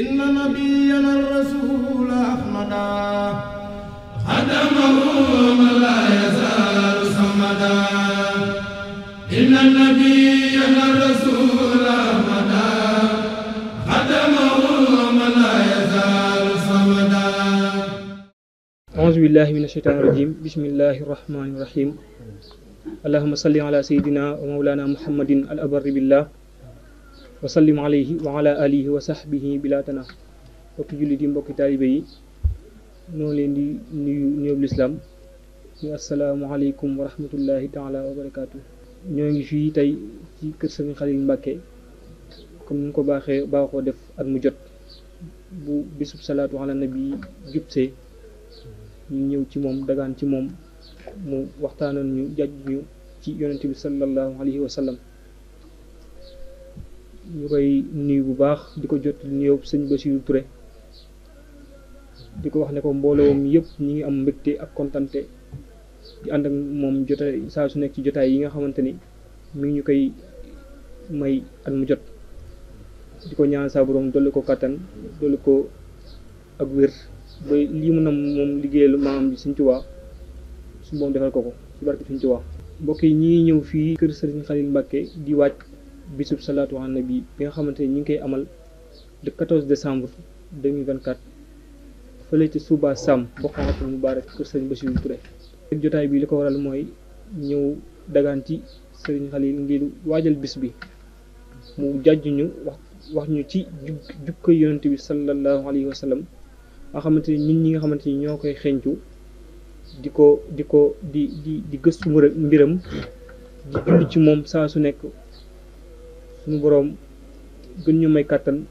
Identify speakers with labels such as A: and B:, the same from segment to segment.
A: إن نبينا الرسول أحمدا خدمه من لا يزال صمدا إن نبينا الرسول أحمدا خدمه من لا يزال صمدا
B: أعوذ بالله من الشيطان الرجيم بسم الله الرحمن الرحيم اللهم صل على سيدنا ومولانا محمد الأبر بالله wasallim alayhi wa ala alihi wa sahbihi bila tana mbokki jullit yi mbokki taalibe yi noo leen di nuyu nuyób lislaam ñu asalaamualeykum wa rahmatullahi taala wa barakaatu ñoo ngi fii tey ci kër sëriñ Xalil Mbàkke comme ni ko baaxee baaxoo def ak mu jot bu bisub salaatu ala nabi jubsee ñu ñëw ci moom dagaan ci moom mu waxtaanoon ñu jàjj ñu ci yonente bi sallallahu alayhi wa ñu koy nuyu bu baax di ko jot nuyoo sëñ Bassirou Touré di ko wax ne ko mbooloom yëpp ñu ngi am mbëgte ak kontante di ànd ak moom jotaay saa su nekk ci jotaay yi nga xamante ni mi ngi ñu koy may at mu jot di ko ñaan saa borom dolli ko kàttan dolli ko ak wér lii mën a moom liggéeyal maam bi sëñ Tuubaa su moom defal ko ko ci barke sëñ Tuubaa mbokk yi ñi ngi ñëw fii kër Sëriñ Xalil Mbàkke di wàcc bisub salaatu ala nabi bi nga xamante ni ñu ngi koy amal le 14 décembre 2024 fële ci Touba Sam Foqaratul Mubarak kër Sëriñ Bassirou Touré ak jotaay bi li ko waral mooy ñëw dagaan ci Sëriñ Xalil ngir waajal bis bi mu jàjju ñu wax wax ñu ci jukko yonent bi sallallahu alayhi wa sallam nga xamante ni ñun ñi nga xamante ni ñoo koy xencu di ko di ko di di di gëstu mbiram di dund ci moom saa su nekk suñu boroom gën ñu may kàttan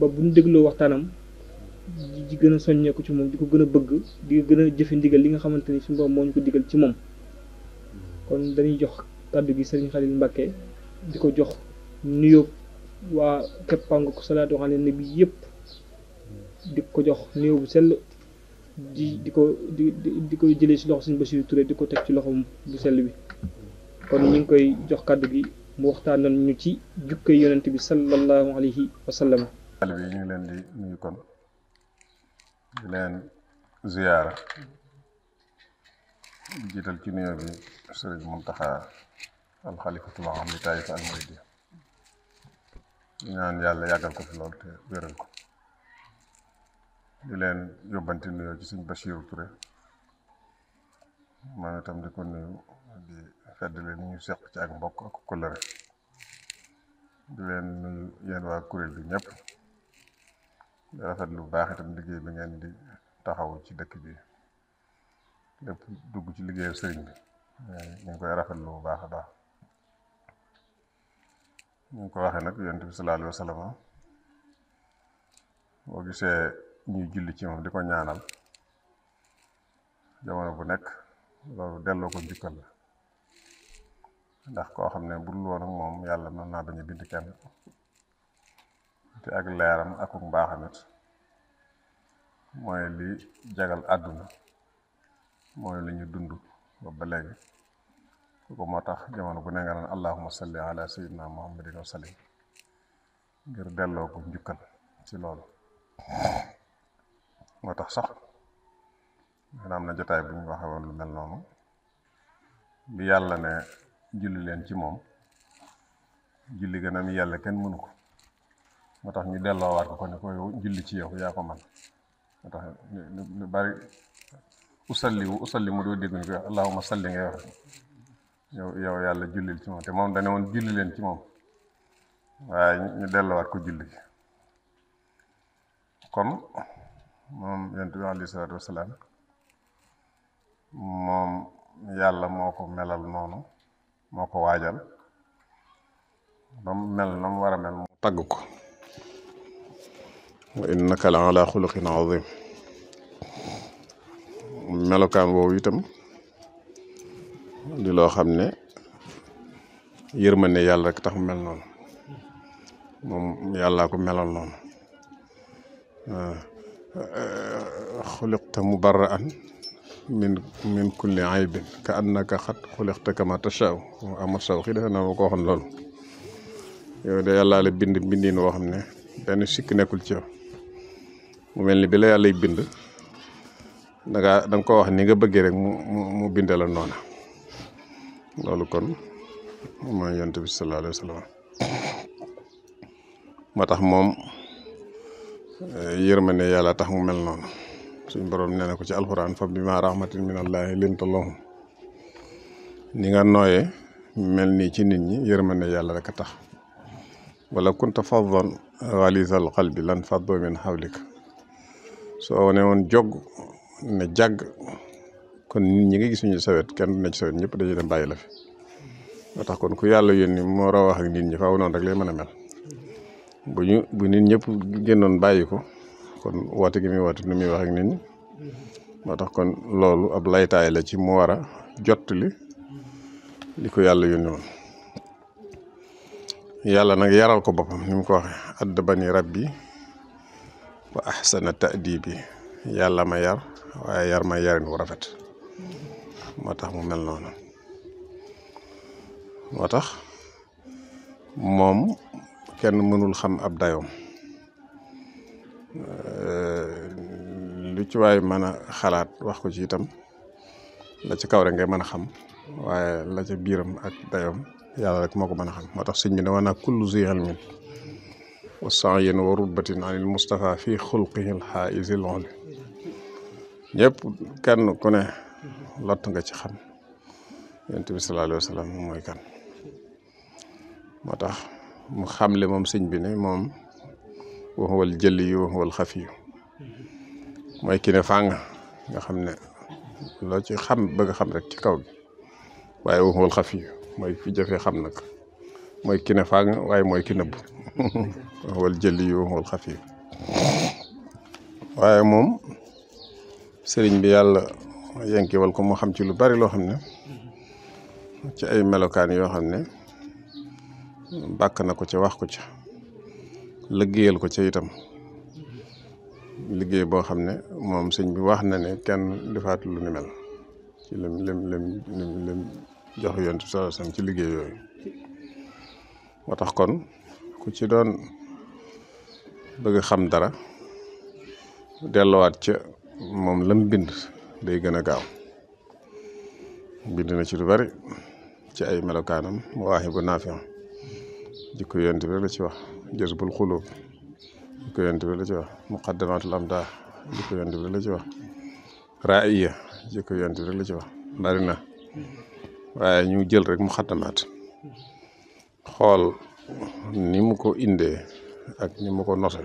B: ba bu ñu dégloo waxtaanam di gën a soññeeku ci moom di ko gën a bëgg di gën a jëfe ndigal li nga xamante ni suñu boroom moo ñu ko digal ci moom kon dañuy jox kàddu gi Serigne Khalil Mbacke di ko jox nuyoo waa keppangu ko salaatu ala nabi yëpp di ko jox nuyoo bu sell di di ko di di ko jëlee ci loxo ba si ture di ko teg ci loxo bu sell bi kon ñu koy jox kàddu gi. mu waxtaanal ñu ci jukka yonent bi sallallahu alayhi wa sallam
A: xale bi ñu ngi leen di nuyu kon di leen ziyaara jiital ci nuyoo bi sëriñ Muntaxa alxalifatul am li taayifa al muridi ñaan yàlla yàggal ko fi lool te wéral ko di leen yóbbante nuyoo ci sëriñ Bachir Touré moom itam di ko nuyu di feddale ni ñu seq ci ak mbokk ak kóllëre di leen nuyu yéen waa kuréel bi ñëpp di rafet lu baax itam liggéey bi ngeen di taxaw ci dëkk bi lépp dugg ci liggéeyal sëriñ bi ñu ngi koy rafet lu bu baax a baax ñu ngi ko waxee nag yonent bi sallallahu alayhi wa gisee ñuy julli ci moom di ko ñaanal jamono bu nekk loolu delloo ko njukkal la ndax koo xam ne bu dul woon ak moom yàlla mën naa bañ a bind kenn te ak leeram akuk mbaaxam it mooy li jagal àdduna mooy li ñu dund ba ba léegi kooku moo tax jamono bu ne nga naan allahumma salli ala sayyidina muhammadin wa sallim ngir delloo ko njukkal ci loolu moo tax sax dana am na jotaay bu ñu waxee lu mel noonu bi yàlla ne julli leen ci moom julli gën a mi yàlla kenn mënu ko moo tax ñu delloowaat ko ko ne ko julli ci yow yaa ko man moo tax lu bari usalli wu mu doo dégg ñu ko allahuma salli nga wax yow yàlla jullil ci moom te moom dane woon julli leen ci moom waaye ñu delloowaat ko julli kon moom yonent bi alayhi wasalaam moom yàlla moo ko melal noonu moo ko waajal ba mel na mu war a mel mu tagg ko wa innaka la ala xuluqin melokaan woowu itam di loo xam ne yërmande yàlla rek tax mel noonu moom yàllaa ko melal noonu xuliqta mubarraan min min kulli aybin ka annaka xat xuliqta kama tashaw mu amul saw xi defe naa ko waxoon loolu yow de yàllaa la bind bindiin woo xam ne benn sikk nekkul ci yow mu mel ni bi la yàllay bind danga da nga wax ni nga bëggee rek mu mu binde noona loolu kon mooy yonent bi sallallahu alayhi wa tax moom eh, yërmande yàlla tax mu mel noonu suñ borom nee na ko ci alxuraan fa bima rahmatin min allahi linta lahum ni nga nooyee mel nii ci nit ñi yërmande yàlla rek a tax wala kunta faddan xalisal qalbi lan faddoo min xawlik soo ne woon jog ne jàgg kon nit ñi nga gis ñu sawet kenn du ci sawet ñëpp dañuy dem bàyyi la fi moo tax kon ku yàlla yónni moo raw wax ak nit ñi faaw noonu rek lay mën a mel bu ñu bu nit ñëpp génnoon bàyyi ko kon woote gi muy woote nu muy wax ak moo tax kon loolu ab laytaay la ci mu war a jottali li ko yàlla yónni woon yàlla nag yaral ko boppam ni mu ko waxee addabani rabbi wa ahsana ta'dibi yàlla ma yar waaye yar ma yarin wu rafet moo tax mu mel noonu moo tax moom kenn mënul xam ab dayoom Euh, lu ci waay mën a xalaat wax ko ci itam la ci kaw rek ngay mën a xam waaye la ca biiram ak dayoom yàlla rek moo ko mën a xam moo tax sëñ bi ne waana kullu zi ilmin wa saayin wa rubbatin anil Mustafa fi xulqihi alxaaisi lonli ñëpp kenn ku ne lott nga ci xam yonent bi mooy kan moo tax xam xamle moom sëñ bi ne moom wa huwa al jëli wa huwa al xafiyu mooy ki nga xam ne loo ci xam bëgg xam rek ci kaw gi waaye wa huwa al xafiyu mooy fi jafee xam nag mooy ki waaye mooy ki nëbb wa huwa jëli wa huwa al xafiyu waaye moom sëriñ bi yàlla yenkewal ko moo xam ci lu bari loo xam ne ci ay melokaan yoo xam ne bàkk na ko ci wax ko ci liggéeyal ko ca itam liggéey boo xam ne moom sëñ bi wax na ne kenn defaat lu ni mel ci lim lim lim jox yonent solo sallallahu ci liggéey yooyu moo tax kon ku ci doon bëgg xam dara dellowaat ca moom lam bind day gën a gaaw bind na ci lu bari ci ay melokaanam mu waaxi bu naafiam jikko yonent bi rek la ci wax jazbul xulub bi la ci wax muqaddamatul amda li ko yonent la ci wax raaya li ko yonent bi ci wax bari na waaye ñu jël rek muqaddamaat xool ni mu ko indee ak ni mu ko nose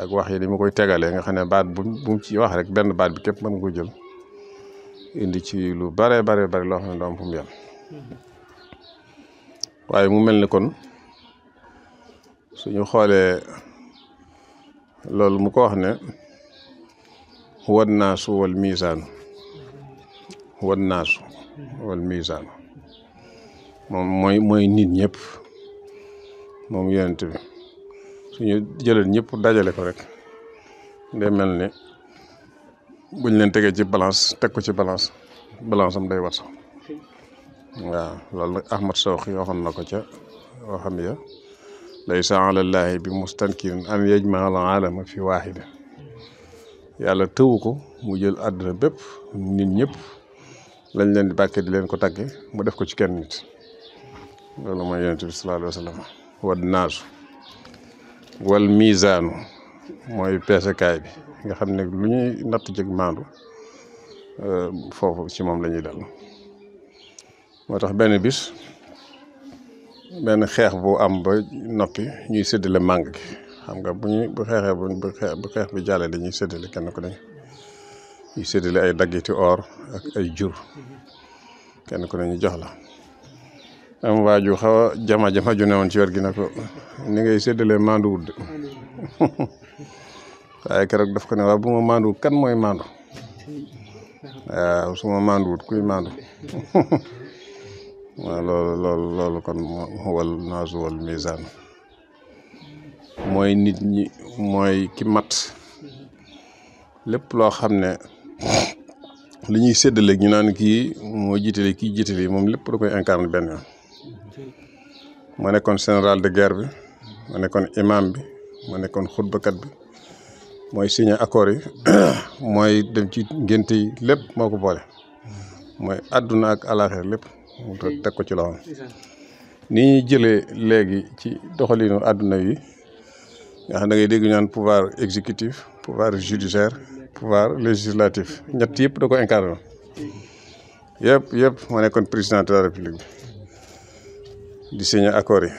A: ak wax yi ni mu koy tegalee nga xam ne baat bu mu ci wax rek benn baat bi képp mën nga ko jël indi ci lu bare bare bare loo xam ne doo am mm-hmm. waaye mu mel ni kon su ñu xoolee loolu mu ko wax ne wan naasu wal miisaan wan naasu wal miisaan moom mooy mooy nit ñëpp moom yonent bi suñu jëleen ñëpp dajale ko rek day mel ni buñ leen tegee ci balance teg ko ci balance balance am day war sax waaw loolu nag Ahmad Sawxi waxoon na ko ca waxam ya laysa alallaahi bi mustankirin an yajmaa al aalama fi waahida yàlla tëwu ko mu jël àdduna bépp nit ñëpp lañ leen di bàkkee di leen ko tagge mu def ko ci kenn nit loolu mooy yonent bi sallallahu alayhi wa wal miisaanu mooy peesekaay bi nga xam ne lu ñuy natt jëg maandu euh, foofu ci moom lañuy ñuy dal moo tax benn bis benn xeex bu am ba noppi ñuy séddale màng ki xam nga bu ñu bu xeexee bu xeex bu xeex bi jàllee dañuy séddale kenn ku ne ñuy séddale ay daggiti or ay jur kenn ku ne ñu jox la am waa ju xaw a jama jama ju newoon ci wet gi ne ko ni ngay séddalee maandu wut waaye keroog daf ko ne waaw bu ma maandu wut kan mooy maandu waaw su ma maandu wut kuy maandu waaw loolu loolu loolu kon wal naasu wal misaan mooy nit ñi mooy ki mat lépp loo xam ne li ñuy séddale ñu naan kii moo jiitale kii jiitale yi moom lépp da koy incarne nekkoon général de guerre bi ma nekkoon imam bi ma nekkoon xutbakat bi mooy signé accord yi mooy dem ci ngénte yi lépp moo ko boole mooy àdduna ak alaaxir lépp teg ko ci loxo ni ñuy jëlee léegi ci doxaliinu àdduna yi nga xam da ngay dégg ñaan pouvoir exécutif pouvoir judiciaire pouvoir législatif ñett yëpp da ko incarné woon yëpp yëpp moo nekkoon président de la république di signé accord yi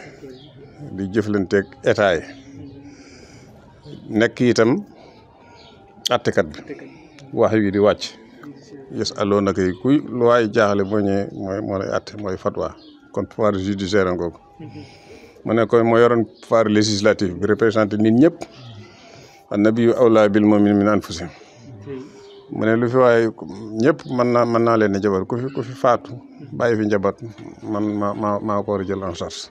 A: di jëflanteeg état yi nekk itam attekat bi wax yi di wàcc yes aloo naka yi kuy lu jaaxle boo ñëwee mooy moo mooy fatwa kon pouvoir judiciaire ngoogu mu ne kon moo yoroon pouvoir législatif représenté nit ñëpp an nabiyu awla bil mu'minin min anfusihim mu ne lu fi waaye ñëpp mën naa mën naa leen a jabar ku fi ku fi faatu bàyyi fi njaboot man ma maa maa ko jël en charge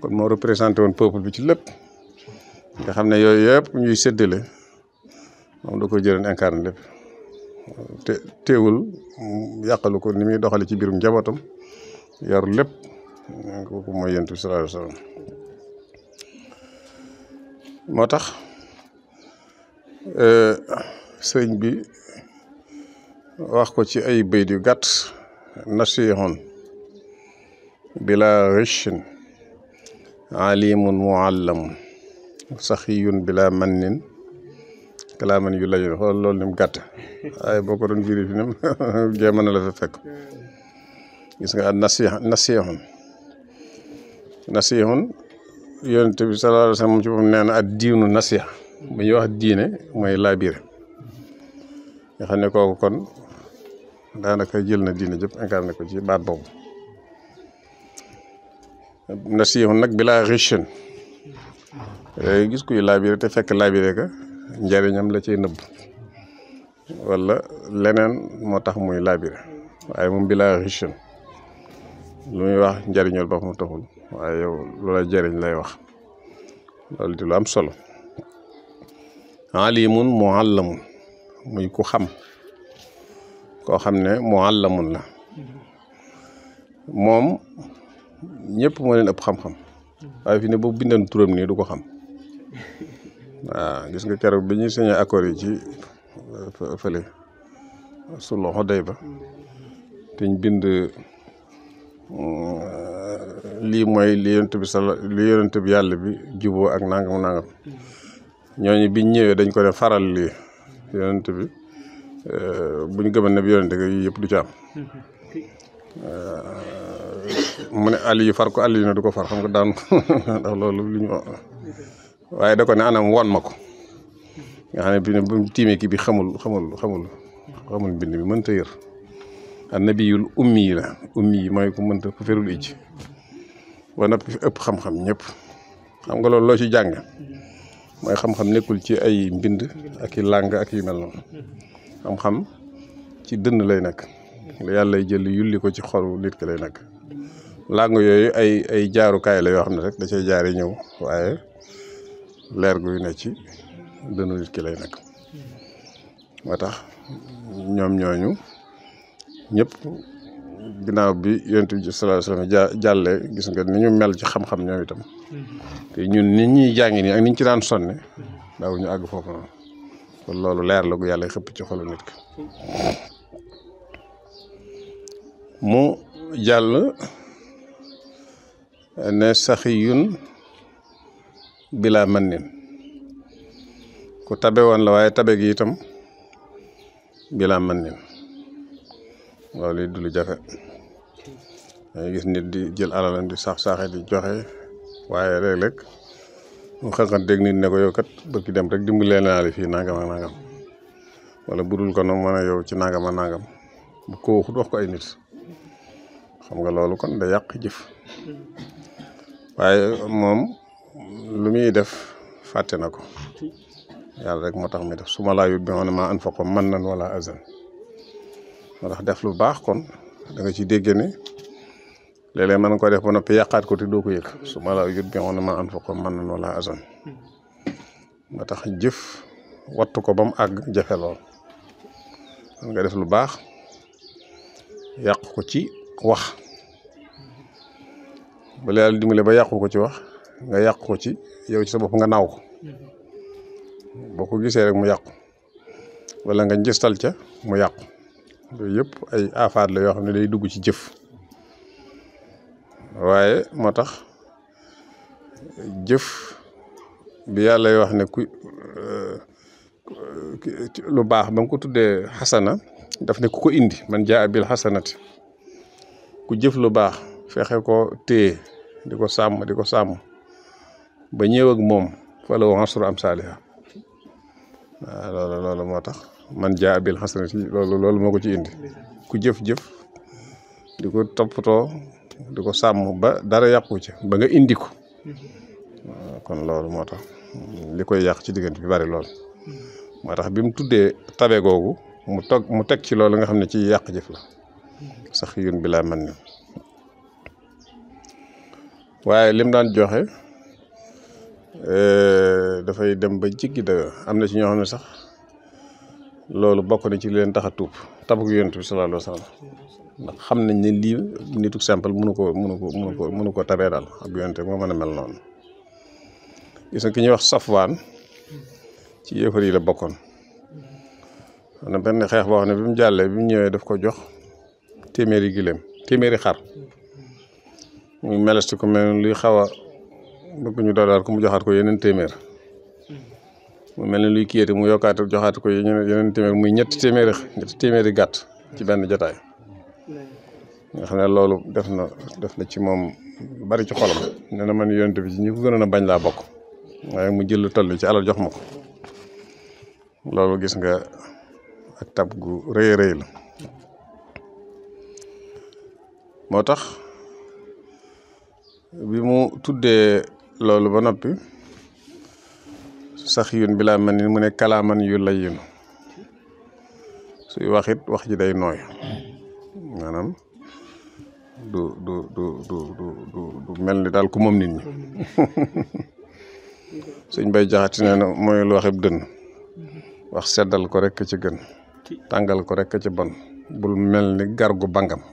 A: kon moo représenté woon peuple bi ci lépp xam ne yooyu yëpp ñuy séddale moom da ko jëloon incarné lépp te teewul yàqalu ko ni muy doxale ci biirum njabootam yor lépp kooku moo tax eh, sëñ bi wax ko ci ay bayt yu gàtt nasihun bila richin alimun muallamun saxiyun bila mannin kalaaman yu layoon xool loolu ni mu gàtt waaye boo ko doon firi fi nam jéem na la fa fekk gis nga ak nasiha nasihun nasihun yonent bi sallallahu alayhi ñuy wax diine mooy laabire nga xam jël na diine jëpp ko ci baat boobu nasihun nag bilaa richun gis kuy laabire te fekk laabire ka njariñam la ci nëb wala leneen moo tax muy laabire waaye moom bi laa riche wax njariñul ba mu taxul waaye loola jariñ lay wax loolu di lu am solo alimun muallamun muy ku xam koo xam ne muallamun la moom ñëpp moo leen ëpp xam-xam waaye fi ne boo bindan turam nii du ko xam Ah, gis nga keroog bi ñu signé accord yi ci euh, fële suloo xoday ba te bind euh, lii mooy li yonent bi sala li yonent bi yàlla bi juboo ak nangam nangam ñooñu biñ ñëwee dañ ko ne faral lii yonent bi euh, buñ gëmën ne bi yonent yi yëpp du ci am mu ne yi far ko àll yi du ko far xam nga daan ndax loolu li ñu waaye da ko ne anam woon ma ko nga xam ne bi bu tiimee kii bi xamul xamul xamul xamul mbind mi mënta yër annabiyul ummi yi la ummi yi mooy ku mënta ku ferul ij ba noppi ëpp xam-xam ñëpp xam nga loolu loo ci jàng mooy nekkul ci ay mbind ak i làng ak yu mel noonu xam-xam ci dënn lay nekk la yàlla jël yulli ko ci xol nit ki lay nekk làng yooyu ay ay jaarukaay la yoo xam ne rek da cay jaare ñëw waaye leer guy ne ci dënnu nit ki lay nekk moo tax ñoom ñooñu ñëpp ginnaaw bi yontu bi sallallahu alayhi wa jàlle gis nga ni ñu mel ci xam-xam ñoom itam te ñun nit ñuy jàngi nii ak niñ ci daan sonne daaw ñu àgg foofu noonu kon loolu leer la gu yàlla xëpp ci xolu nit ki mu jàll ne saxiyun bilaa man nin ko tabe woon la waaye tabe gi itam bila man nin loolu it du lu jafe dangay gis nit di jël alalam di saax di joxe waaye léeg-léeg mu xanqan dégg nit ne ko yow kat bërki dem rek dimbalee naa la fii nangam ak nangam wala budul ko nag mën yow ci nangam ak nangam ko waxut wax nit xam nga loolu kon da yàq jëf waaye moom lu muy def fàtte na ko yàlla rek moo tax muy def su ma laa yóbbee woon maa anfaqo man nan wala azan moo def lu baax kon da ci dégg ne léeg-léeg nga ko def ba noppi yàqaat ko te doo ko yëg su ma laa yóbbee woon maa anfaqo man nan wala azan moo tax jëf wattu ko ba mu àgg jafe lool man nga def lu baax yàq ko ci wax ba yàlla dimbale ba yàqu ko ci wax nga yàq ko ci yow ci sa bopp nga naaw ko boo ko gisee rek mu yàqu wala nga njëstal ca mu yàqu yooyu yëpp ay aafaat la yoo xam ne day dugg ci jëf waaye moo tax jëf bi yàlla wax ne ku euh, lu baax ba nga ko tuddee xasana daf ne ku ko indi man jaa xasana xasanati ku jëf lu baax fexe ko téye di ko sàmm di ko sàmm ba ñëw ak moom fa la asru am saaliha waaw loolu loolu moo tax man jaa bil xasana si loolu loolu moo ko ci indi ku jëf-jëf di ko toppatoo di ko sàmm ba dara yàqu ci ba nga indi ko kon loolu moo tax li koy yàq ci diggante bi bari lool moo tax bi mu tuddee tabe googu mu toog mu teg ci loolu nga xam ne ci yàq jëf la sax yun bi laa mën ne waaye lim daan joxe Euh, dafay dem ba jiggi da am na ci ñoo xam ne sax loolu bokk na ci leen tax tuub tabug yonent bi sallallahu alayhi ndax xam nañ ne lii nitu simple mënu ko mënu ko mënu ko mënu ko tabee daal ak yonent moo mën a mel noonu gis nga ki ñuy wax safwaan ci yéefar yi la bokkoon na benn xeex boo xam ne bi mu jàllee bi mu ñëwee daf ko jox téeméeri giléem téeméeri xar mu ngi meles ci ku mel luy xaw bëgg ñu daal ku mu joxaat ko yeneen téeméer mm-hmm. mu mel ni luy kiyeete mu yokkaat joxaat ko yeneen téeméer muy ñetti téeméeri ñetti téeméeri gàtt ci benn jotaay mm-hmm. nga xam ne loolu def na def na ci moom bari ci xolam nee na man yonent bi ci a bañ laa bokk waaye mu jël lu ci alal jox ma ko loolu gis nga ak tab gu rëy rëy moo tax bi mu tuddee loolu ba noppi sax yun bi laa mel ni mu ne kalaaman yu lay yun suy wax wax ji day nooy maanaam du du du du mel ni daal ku moom nit ñi suñ bay jaxati nee na mooy lu waxib wax seddal ko rek a ci gën tàngal ko rek ci bon bul mel ni gargu bangam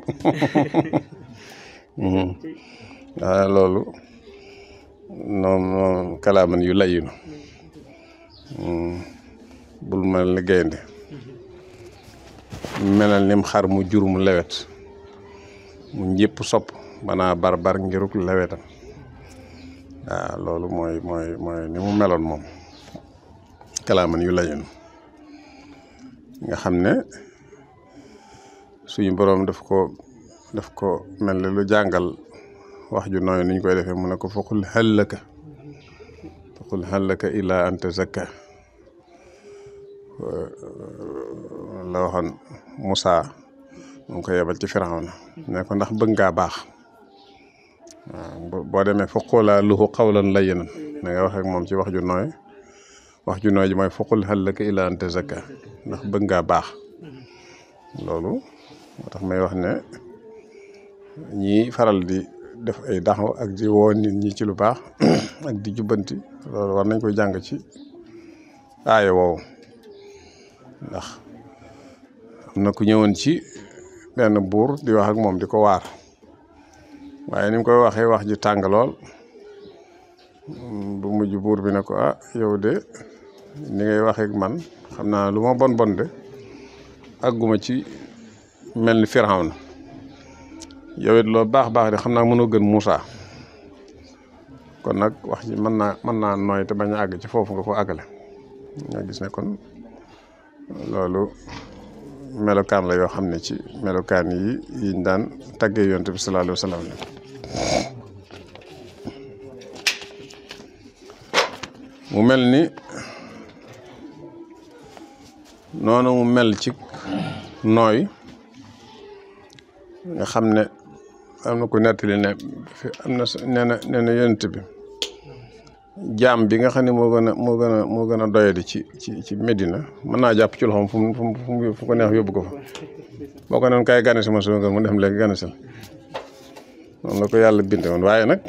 A: mm-hmm. ah, loolu noom noom kalaaman yu layinu mm. mm. bul mel ni gaynde melal nim xar mu jur mu lewet mu ñëpp sopp banaa barbar ngiruk lewetam waaw loolu mooy mooy mooy ni moom kalaaman yu layinu nga xam ne suñu boroom daf ko daf ko mel ni lu jàngal wax ju nooy niñ koy defee mu ne ko faqul hallaka faqul hallaka ila an tazakka la waxoon Moussa mu ngi koy yebal ci Firawna ne ko ndax bëgg ngaa baax waaw boo demee faqulaa lahu qawlan layyinan da nga wax ak ci wax ju nooy ju nooy mooy faqul hallaka ila an ndax bëgg ngaa baax loolu moo tax may wax ne ñii faral di def ay daxaw ak di woo nit ñi ci lu baax ak di jubbanti loolu war nañ koy jàng ci aaya woowu ndax am na ku ñëwoon ci benn buur di wax ak moom di ko waar waaye ni mu koy waxee wax ji tàng lool bu mujj buur bi ne ko ah yow de ni ngay waxee man xam naa lu ma bon bon de àgguma ci mel ni Firawna yow it loo baax baax de xam naa mën mënoo gën Moussa kon nag wax ji mën naa mën naa nooy te bañ a àgg ci foofu nga ko àggale nga gis ne kon loolu melokaan la yoo xam ne ci melokaan yi yiñ daan taggee yonte bi sallallahu alayhi mu mel ni noonu mu mel ci nooy nga xam ne am na ko nettali ne fi am na nee na nee bi jaam bi nga xam ne moo gën a moo gën a moo gën a doyadi ci ci ci Medina mën naa jàpp ci loxoom fu mu ko neex yóbbu ko fa boo ko noon kaay gane si ma suma mu dem léegi gane moom la ko yàlla binde woon waaye nag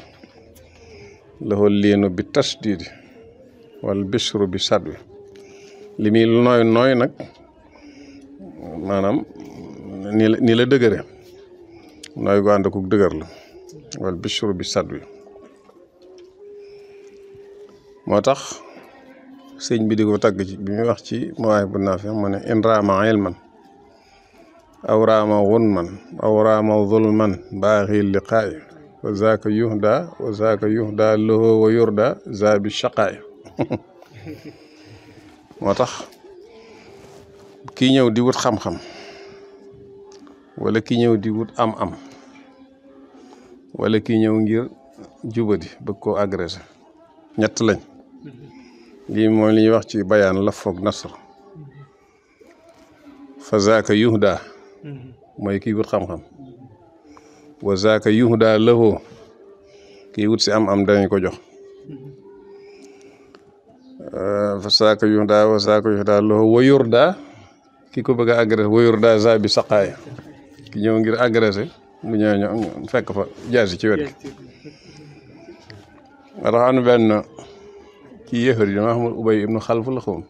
A: loxo liinu bi tasdiidi wala bisru bi sadwi li nooy nooy nag maanaam nii la nii la dëgëre nooy gu ànd ak dëgër la wal bishru bi sadwi moo tax sëñ bi di ko tàgg ci bi muy wax ci mawaay bu naafi mu ne in raama ilman aw raama wun man aw raama zulman baaxi liqaay wa zaaka yuhda wa zaaka yuhda loho wa yurda zaabi shaqaay moo tax kii ñëw di wut xam-xam wala ki ñëw di wut am-am wala ki ñëw ngir jubadi bëgg koo agressé ñett lañ lii mooy li ñuy wax ci bayaan la foog nasr fa zaaka yuhda mooy kii wut xam-xam wa zaaka yuhda lahoo kii wut si am-am danañ ko jox fa zaaka yuhda wa zaaka yuhda lahoo wa yurda ki ko bëgg a agressé wa yurda za bi saqaaya ki ñëw ngir agressé mu ñëwee ñu fekk fa jaasi ci wet gi nga tax am benn ci yéefar yi dama xamul ubay ibnu xalf la xawm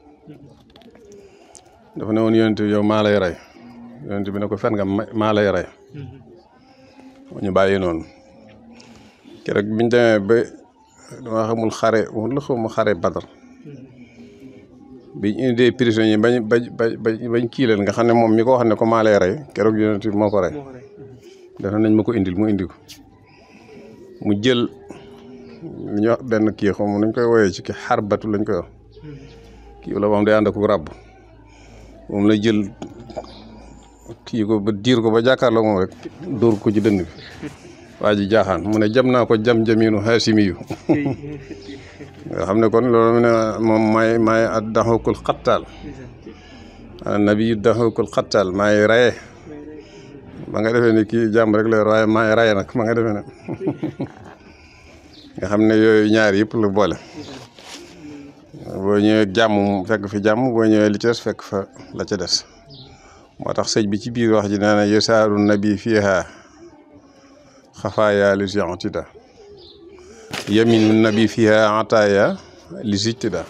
A: dafa ne woon yonent bi yow maa lay rey bi ne ko fen nga maa lay rey mm-hmm. ñu bàyyi noonu keroog biñ demee ba dama xamul xare waxul la xawma xare badar mm-hmm. biñ indee prisonnier bañ bañ bañ bañ kii leen nga xam ne moom mi ko xam ne ko maa lay rey keroog yonent moo ko rey dafa nañ ma ko indil mu indi mu jël li benn kii xaw ma nañ koy woyee ci xar batu lañ koy wax kii la moom day ànd ak ràbb moom la jël kii ko ba diir ko ba jàkkaarloo moom rek dóor ko ci dënd bi jaaxaan mu ne jam naa ko jam jamiinu haasimiyu nga xam ne kon loolu ne moom maay maay ad daxukul xattaal nabiyu daxukul xattaal maay raye ba nga defee ni kii jàmm rek la waaye raye nag ma nga defee ne nga xam ne yooyu ñaar yëpp lu boole boo ñëwee jàmm fekk fi jàmm boo ñëwee li ci des fekk fa la ca des moo tax sëñ bi ci biir wax ji nee na yasaaru nabi fiiha xafaaya lu siantida yaminu nabi fiha ataaya li sijtida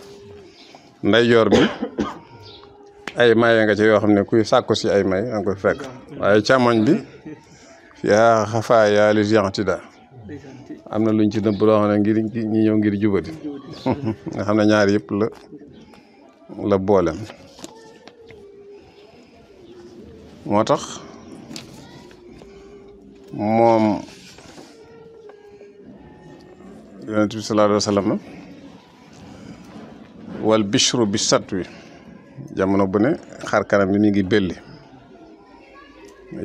A: ndeyjoor bi ay maye nga ci yoo xam ne kuy sàkku si ay may nga koy fekk waaye càmmoñ bi fiha xafaaya li sijtida am na luñ ci nëbb loo xam ne ngir ñi ñëw ngir jubati nga xam ne ñaar yëpp la la boolem moo tax moom yonent bi sallallahu alayhi sat wi jamono bu ne xar kanam bi mi ngi belli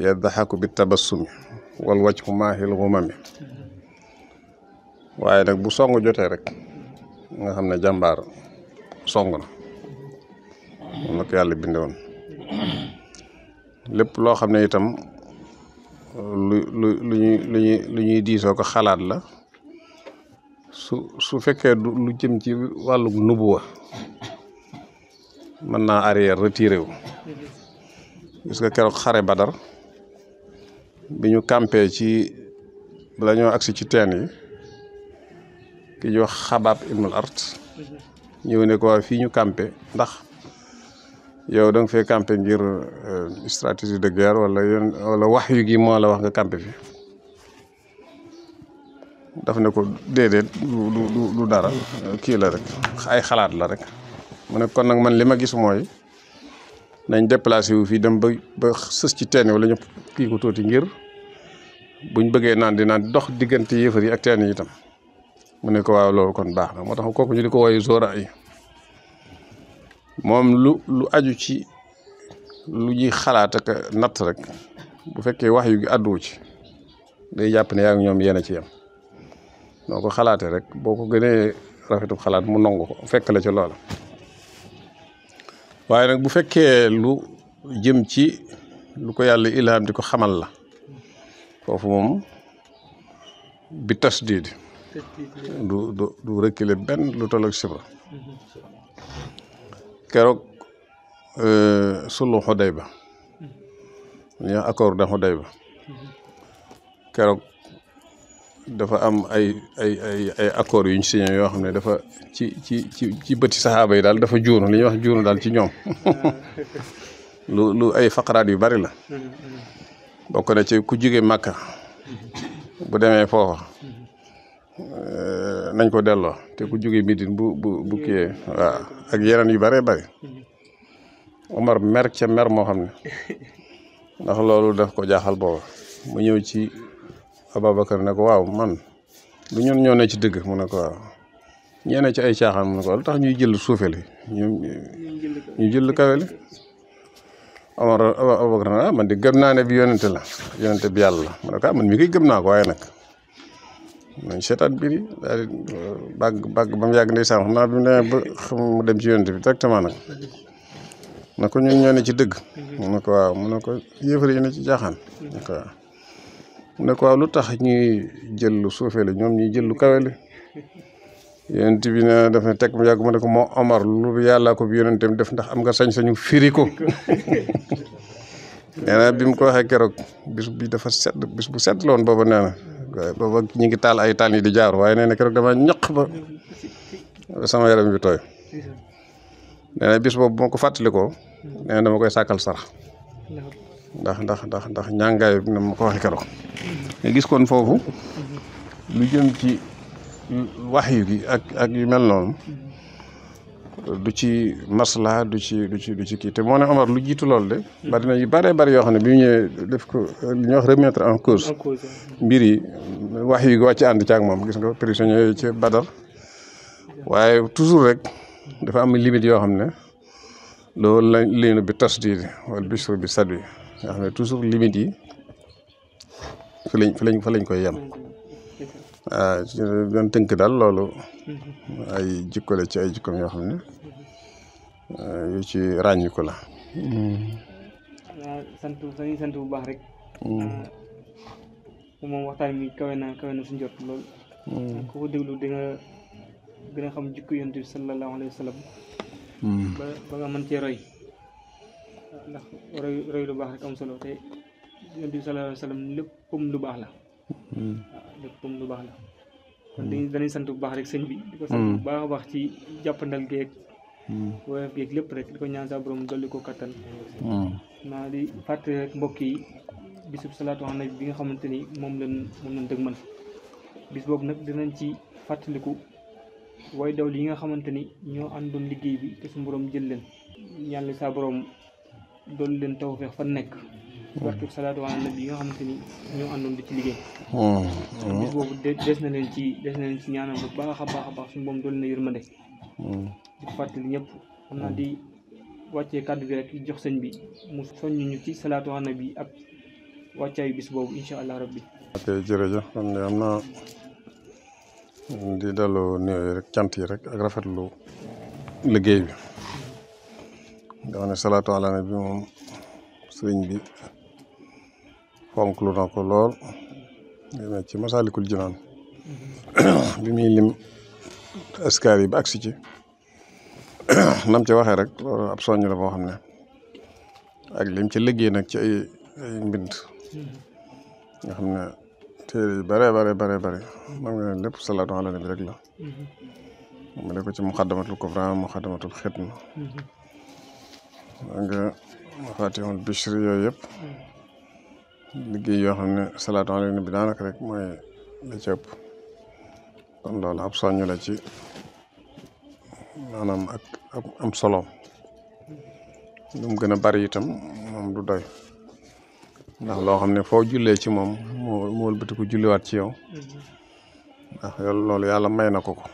A: yaddaxaku bi tabassumi wal wajhu maahil xumami waaye nag bu song jotee rek nga xam ne jàmbaar song na moom yàlla bindewoon lépp loo xam ne itam lu lu lu ñuy lu ñuy diisoo ko xalaat la su su fekkee lu jëm ci wàllu nubuwa mën naa arrière retiré wu gis nga keroog xare Badar bi ñu campé ci bala ñoo agsi ci teen yi ki ñu wax xabaab ibnul art ñëw ne ko fii ñu campé ndax yow da nga fee campé ngir euh, stratégie de guerre wala wax yu gi moo la wax nga campé fi daf ne ko déedéet du dara kii la rek ay xalaat la rek mu ne kon nag man li ma gis mooy nañ déplacé wu fii dem ba ba sës ci teen wala ñu kii ko tuuti ngir buñ bëggee naan di naan dox diggante yëfar yi ak teen yi itam mu ne ko waaw loolu kon baax na moo tax kooku ñu di ko woyu zora yi moom lu lu aju ci lu ñuy xalaat ak natt rek bu fekkee wax yu gi àdduwu ci day jàpp ne yaa ngi ñoom yenn ci yem noo ko xalaatee rek boo ko gënee rafetu xalaat mu nangu ko fekk la ci loola waaye nag bu fekkee lu jëm ci lu ko yàlla ilham di ko xamal la foofu moom bi tasdiid du du du benn lu toll ak sibra keroog euh, sulu Xudayba ñu accord de Xudayba keroog dafa am ay ay ay ay accords yu ñu signé yoo xam ne dafa ci ci ci ci bëti saxaaba yi daal dafa juunu li ñuy wax juunu daal ci ñoom lu lu ay faqaraat yu bari la bokk na ci ku jóge Makka bu demee foofa euh, nañ ko delloo te ku jóge Midine bu bu bu kiyee ak yeneen yu bëree bëri Omar mer ca mer moo xam ne ndax loolu daf ko jaaxal booba mu ñëw ci Ababacar ne ko waaw man du ñun ñoo ci dëgg mu ne ko waaw ñeene ci ay caaxaan mu ne ko lu tax ñuy jël suufeli ñu ñu jël kaweli Omar Ababacar ne ah man di gëm naa ne bi yonente la yonente bi yàlla la mu ne ko ah man mi koy gëm naa ko waaye nag nañ seetaat biir yi daal bàgg ba mu yàgg ndeysaan xam naa bi mu demee ba dem ci yonente bi directement nag na ko ñun ñoo ci dëgg mu ne ko waaw mu ne ko yéefar yi ci caaxaan ne ko waaw lu tax ñuy jël lu suufee la ñoom ñuy jël lu kawe la yonent na ne na teg mu yàgg ma ne ko moo Omar lu yàlla ko bi yonentam def ndax am nga sañ-sañu firi bi mu ko waxee keroog bis bi dafa sedd bis bu sedd la woon booba nee na booba ñu ngi taal ay taal yi di jaar waaye nee na keroog dama ñaq ba sama yaram bi tooy bis boobu bu ko fàttalikoo nee na dama koy sàkkal sarax ndax ndax ndax ndax ñàngaay bi ko waxee keroog nga gis kon foofu lu jëm ci wax yu gi ak ak yu mel noonu du ci masla du ci du ci du ci kii te moo ne Omar lu jiitu lool de bari na yu bëree bëri yoo xam ne bi ñu def ko li ñuy wax remettre en cause mbir yi wax yu gi wàcc ànd ci ak moom gis nga prisonnier yooyu ci Badar waaye toujours rek dafa am limite yoo xam ne loolu la liinu bi tasdiidi bi bisru bi sadwi nga xam ne toujours limite yi fa lañ fa lañ fa lañ koy yem waaw ah, ci doon tënk daal loolu ay jikko la ci ay jikkoom yoo xam ne ah, yu ci ràññiku la
B: sant dañuy sant bu baax rek mm. ah, moom waxtaan mi kawe na kawe na su lool mm. ku ko déglu nga gën a xam jikko yonent bi sallallahu alayhi wa mm. ba ba nga mën cee roy ndax roy roy lu baax rek am solo te yonent bi sallallahu alayhi wa lu baax la hmm. waaw léppam lu baax la kon hmm. dañuy dañuy sant bu baax rek sëñ bi di ko sant bu hmm. baax baax ci jàppandal geeg woyof geeg lépp rek di ko ñaan sa borom dolli ko kattan naa di fàtte rek mbokk yi bisub salaatu ala nabi bi nga xamante ni moom lañ moom lañ dëgmal bis boobu nag dinañ ci fàttaliku way daw li nga xamante ni ñoo àndoon liggéey bi te su borom jël leen ñaan la saa borom doolu leen tawfeex fan nekk barke salaatu ala nabi yi nga xamante ni ñoo àndoon di ci liggéey hmm. bis boobu des na leen ci des na leen ci ñaanal bu baax a baax a baax suñu boom doolu na yërmande hmm. fàttali ñëpp xam naa di wàccee kàddu bi rek jox sëñ bi mu soññu ñu ci salaatu ala nabi ak wàccaayu bis boobu incha allah rabbi
A: ok jërëjëf xam ne am na di delloo nuyoo yi rek cant yi rek ak rafetlu liggéey bi nga xam ne salaatu ala nabi moom sëriñ bi lu na ko lool dina ci masalikul jinaan bi muy lim askar yi ba agsi ci nam ci waxee rek loolu ab soññ la boo xam ne ak lim ci liggéey nag ci ay ay mbind nga xam ne téere yi bare bare bare man nga ne lépp salaatu ala nabi rek la mm-hmm. mu ne ko ci muxaddamatul kufra muxaddamatul xidma mm-hmm. nga fatihul bichri yooyu yëpp liggéey yoo xam ne salaatu ala bi daanaka rek mooy la ci kon loolu ab soññu la ci maanaam ak am solo lu mu gën a bari itam moom du doy ndax loo xam ne foo jullee ci moom moo mu wëlbatiku julliwaat ci yow ndax loolu yàlla may na ko ko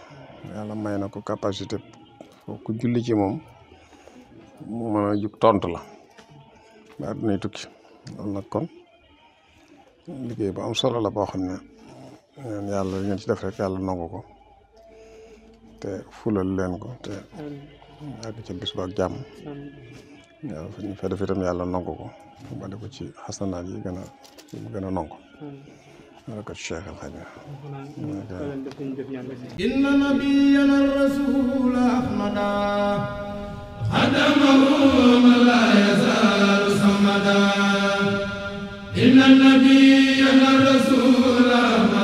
A: yàlla may na ko capacité foo ku julli ci moom mu mën a jug tontu la ba dinay tukki loolu nag kon liggéey bu am solo la boo xam ne ngeen yàlla ngeen ci def rek yàlla nangu ko te fulal leen ko te àgg ca bis ba ak jàmm yàlla yàlla nangu ko ba ko ci xasanaat yi gën a gën a nangu بركة الشيخ الخليل
B: إن نبينا
A: إن النبي الرسول